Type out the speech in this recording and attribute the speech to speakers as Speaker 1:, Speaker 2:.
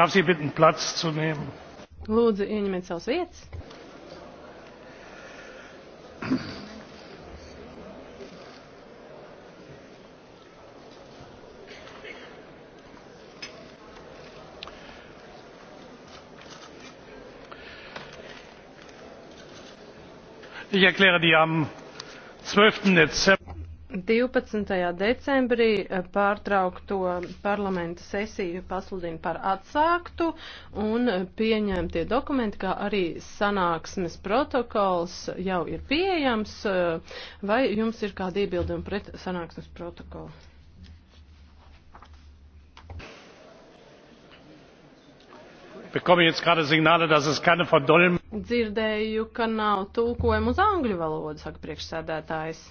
Speaker 1: darf sie bitten platz
Speaker 2: zu nehmen. lūdzu ieņemiet savas vietas.
Speaker 1: ich erkläre die am. zwölf dezember.
Speaker 3: 12. decembrī eh, pārtraukto parlamenta sesiju pasludina par atsāktu un eh, pieņemtie dokumenti, kā arī sanāksmes protokols jau ir pieejams. Eh, vai jums ir kādi iebildumi pret sanāksmes protokolu?
Speaker 1: bekomme jetzt gerade Signale, dass es keine Verdolmetschung.
Speaker 3: Dzirdēju, ka nav tulkojumu uz angļu valodu, saka priekšsēdētājs.